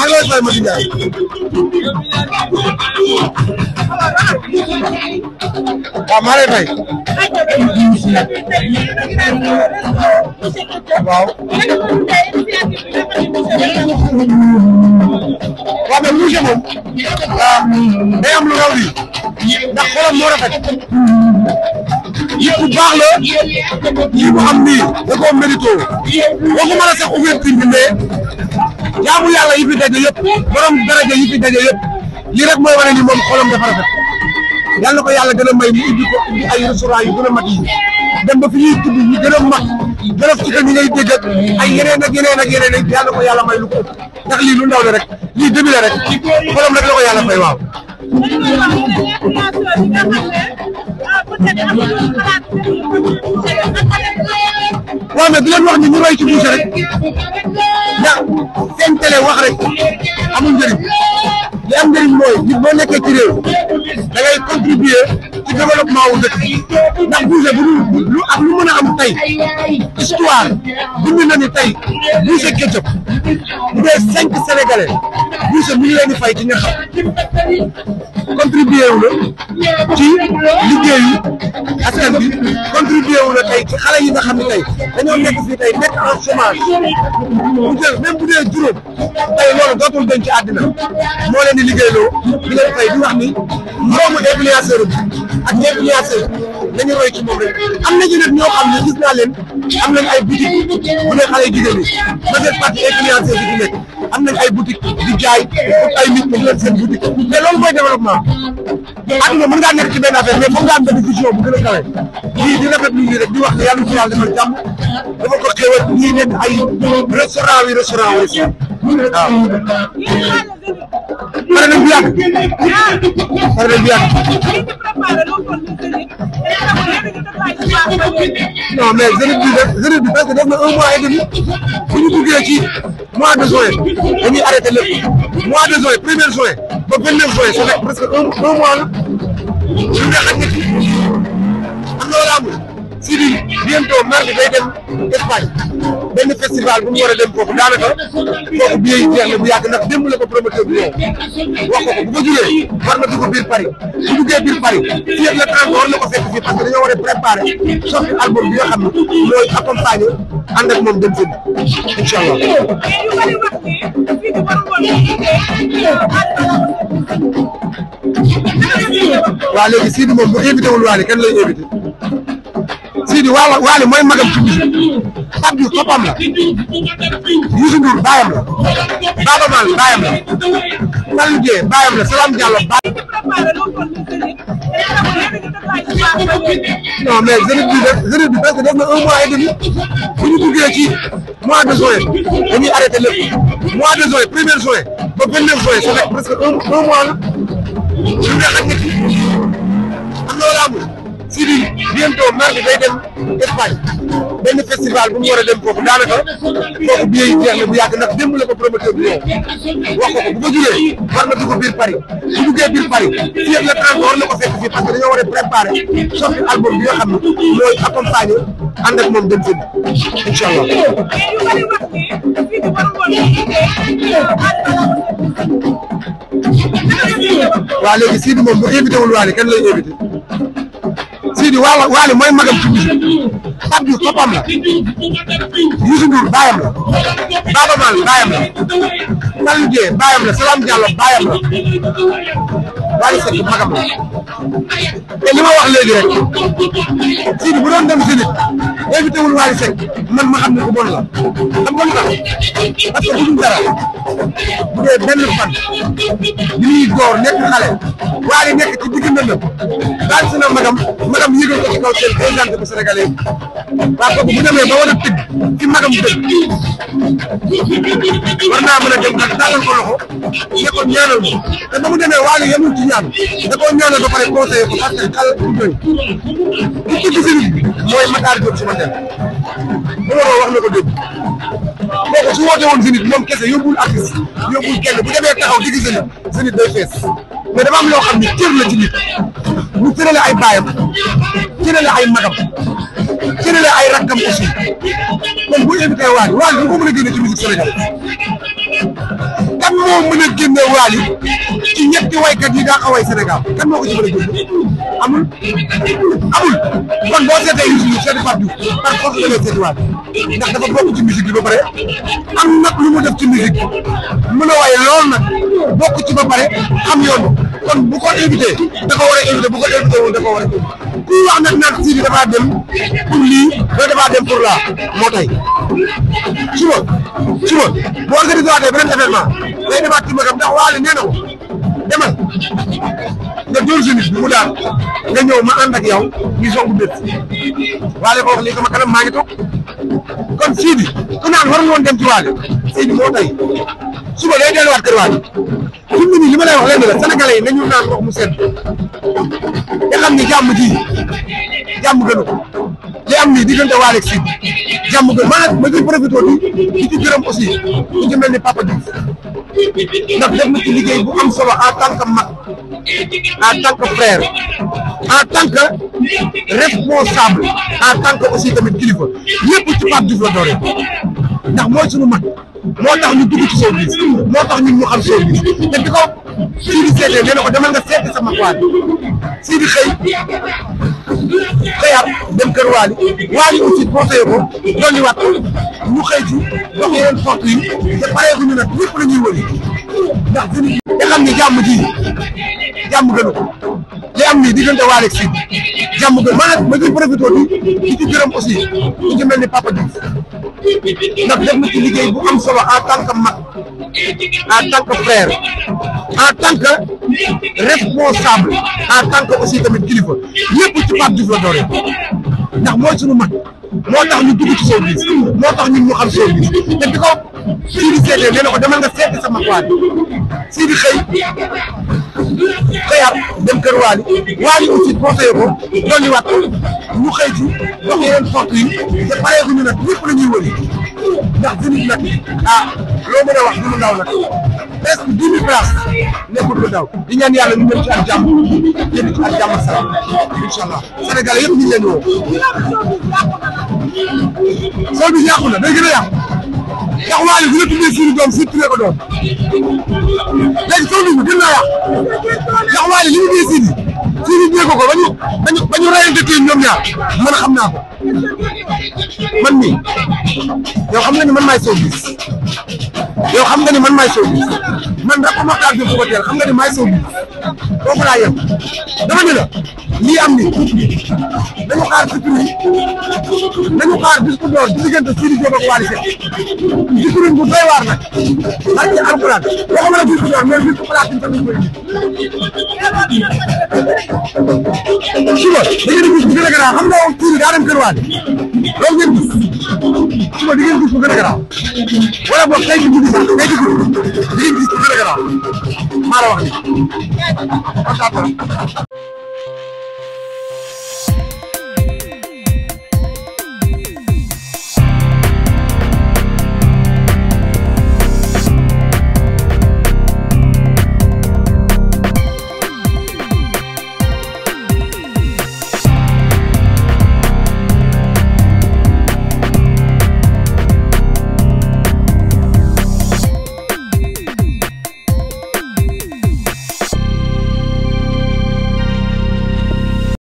maa ngi lay fay Mati Ndiaye. waaw maa ngi fay. waaw. waaw mais monsieur moom. ah am lu raw lii. ndax xolam moo rafet. yëpp bu baax la yii bu am nii da koo mérito waxuma la sax ouverture bi mais. jaamu yàlla yi fi daje yëpp borom daraja yi fi daje yëpp lii rek mooy wane ni moom xolam dafa rafet yal na ko yàlla a may mu ubbi ko ubbi ay restaurant yu gën a mat yi dem ba fi ñuy tudd ñu gën a mat gën a tukkal ñi ngay dégg ak ay yeneen ak yeneen ak yeneen yal na ko yàlla may lu ko ëpp rek lii dëbi la rek xolam rek la ko yàlla waaw. waaw mais di leen wax ni ñu roy ci Boucher rek ndax seen télé wax rek amul njëriñ li am njëriñ mooy nit boo nekkee ci réew da ngay contribuer ci développement wu dëkk ndax Boucher bu dul lu am lu mën a am tey histoire bind na ni tey Boucher Ketchup bu dee cinq sénégalais Boucher mi contribué wu la ci liggéeyu askan bi contribué wu la tey ci xale yi nga xam ne tey dañoo nekk fii tey nekk en chômage bu jël même bu dee juróom tey loolu dootul dañ ci àddina moo leen di liggéeyloo di leen fay di wax ni moroomu influenceur bi ak influenceur nañu roy ci moom rek am nañu nag ñoo xam ne gis naa leen am nañ ay boutique bu ne xale jigéen ñi majeure partie influenceur bi di nekk am nañ ay boutique di jaay ut ay nit ñu leen seen boutique mais loolu mooy développement adduna mën ngaa ci benn affaire mais foog nga am benn vision bu a kawe lii di rafet di wax ne yàlla ci yàlla defal jàmm dafa ko xéewal ñii nekk ay restaurant yi restaurant yi waaw pare nañ bu non mais Zénith bi Zénith bi parce que def na un mois et demi bu ñu duggee ci mois de juin dañuy arrêté lépp mois de juin premier juin ba vingt neuf juin ça fait presque un mois la ñu neex bientôt mardi day dem Espagne benn festival bu mu war a dem foofu daanaka foofu billet yi jeex na bu yàgg la ko promoteur wax ko ko bu war na dugg biir Paris bu duggee biir Paris fii ak la trente war na ko fekk fii parce que dañoo war a album bi nga xam ne mooy accompagné ànd ak moom dem seen incha allah. Sidi Wala Wali mooy magam ci musique Pape Diouf papam la Youssou Ndour baayam la Baba Maal baayam la Fallou Dieng baayam la non mais jeunesse bi jeunesse bi parce que def un mois et demi bu ñu duggee ci mois de juin dañuy arrêté lépp mois de juin premier ba vingt neuf juin ça fait un mois la ñu neex ak nit Sidy bientôt mardi day dem Espagne benn festival bu mu war a dem foofu daanaka foofu billet yi jeex na bu yàgg ndax démb la ko promoteur bi wax bu ko war na dugg biir Paris bu duggee biir Paris fii ak le 30 war na fii parce que dañoo war a préparer sorti album bi nga xam ne mooy accompagner ànd ak moom dem seen incha allah. waaw léegi Sidy moom bu invité wul Wally kenn lay invité. Sidi wala waali mooy magam ci musique Pape Diouf papam la Youssou Ndour baayam la Baaba Maal baayam la Malick Guèye baayam la Salam Diallo baayam la Wally Seck magam la te ma wax léegi rek Sidi bu doon dem si nit invité wul Wally Seck man ma xam ne ku bon la a nga lu tax parce que bu dul dara bu dee benn fan li muy góor nekk xale Wally nekk ci digg ndëndam baal si na magam magam yëgal ko ci kaw seen présidente bu sénégalais waa kooku bu demee ba war a tëgg ci magam dëgg war naa mën a dem nag tàllal ko loxo ne ko ñaanal ko te ba mu demee Wally yemul ci ñaan ba pare conseillé ko parce que xel bu doy ki ci sëriñ bi mooy Matar Diop su ma dem bu ma wax na ko dégg kooku su woote woon Zénith moom kese yóbbul artiste yóbbul kenn bu demee taxaw digg Zénith Zénith day fees mais dafa loo xam ne cër la ci nit ñu cërale ay baayam cërale ay magam cërale ay rakkam aussi kon bu invité waaj waaj bu ko mën a génne ci musique sénégal kan moo mën a génne Wally ci ñetti waykat yi a xaway Sénégal kan moo ko a génne amul amul kon boo seetee Youssou seeti Pape Diouf par force da ngay seeti Wally ndax dafa bokk ci musique bi ba pare am nag lu mu def ci musique mën a waye lool nag bokk ci ba pare xam yoon kon bu ko invité da ko war a invité bu ko invité woon da ko war a ku wax nag naan Sidy dafa dem pour lii wala dafa dem pour laa moo tey suba suba bu organisé waatee beneen événement day defaat ci magam ndax waale nee na ko nga dóor nit bi mu daal nga ñëw ma ànd ak yow ñu songu bët waale ko wax lii sama kanam maa ngi toog kon Sidi ku naan war nga woon dem ci waale Sidi moo tay suba day delluwaat kër waale fi mu ne nii li ma lay wax lenn la sénégalais yi nañu naan wax mu sedd nga xam ne jàmm ji jàmm gënu li am nii diggante waa Leeg Sine jàmm gënu ma nag ma ngi profité di di gërëm aussi ku ci mel ni Papa Diouf ndax def na ci bu am solo en tant que mag en tant que frère en tant que responsable tant que aussi tamit kilifa lépp ci Pape Diouf la dooree. ndax mooy suñu mag moo tax ñu dugg ci showbiz moo tax ñun ñu xam showbiz te bi ko Sidi seetee nee na ko demal nga seeti sama waat Sidi xëy xëyaat dem kër Waly Waly aussi conseillé ko dolli waat ñu xëy ci dox yeneen porte yi te pareeguñu nag ñëpp la ñuy wëri ndax suñu nga xam ne jàmm ji jàmm gënu ko li am nii diggante waa rek si jàmm gën ma nag ma ciy profité di di ci gërëm aussi ku mel ni Papa Diouf ndax def na ci liggéey bu am solo en tant que mag en tant que frère en tant que responsable en tant que aussi tamit kilifa lépp ci Pape Diouf la dooree ndax mooy sunu mag moo tax ñu dugg ci showbiz moo tax ñun ñu xam showbiz te Sidi seetee nee na ko demal nga seeti sama waali Sidi xëy xëyaat dem kër waali waali aussi conseillé ko dolliwaat ko ñu xëy ci dox yeneen porte yi te pareeguñu nag ñëpp la ñuy wëri ndax Zénith nag ah loo mën a wax du mu ndaw nag presque dix mille places nekkul lu ndaw di ñaan yàlla ñu mën ci ak jàmm jënd ci salaam incha allah Sénégal yëpp ñu woo. sol bi yàqu na day gën ndax Waly bu ñu tuddee suñu doom suñu tuddee ko doom léegi soo dugg gën naa yàq ndax Waly li mu dee si nii suñu ko ko ba ñu ba ñu ba ñu rayante kii ñoom ñaar man xam naa ko man mii yow xam nga ni man maay showbiz yow xam nga ni man maay showbiz man rek ko Makhtar Diop bu xam nga ni maay showbiz foofu laa yem dama ne la. lii am ni dañu xaar sutura yi dañu xaar bis bu door di diggante Sidi Diop ak Wally Seck discours bu doy waar nag barki alxuraan waxuma la bis bu door mais bis bu xalaat ñu tamit koy suba da ngeen di gis bu gën a garaaw xam nga tuuri daa dem kër Wally loolu ngeen gis suba di ngeen gis bu gën a garaaw wala boog tey jii guddi sax tey jii guddi di ngeen gis bu gën a garaaw maa la wax ni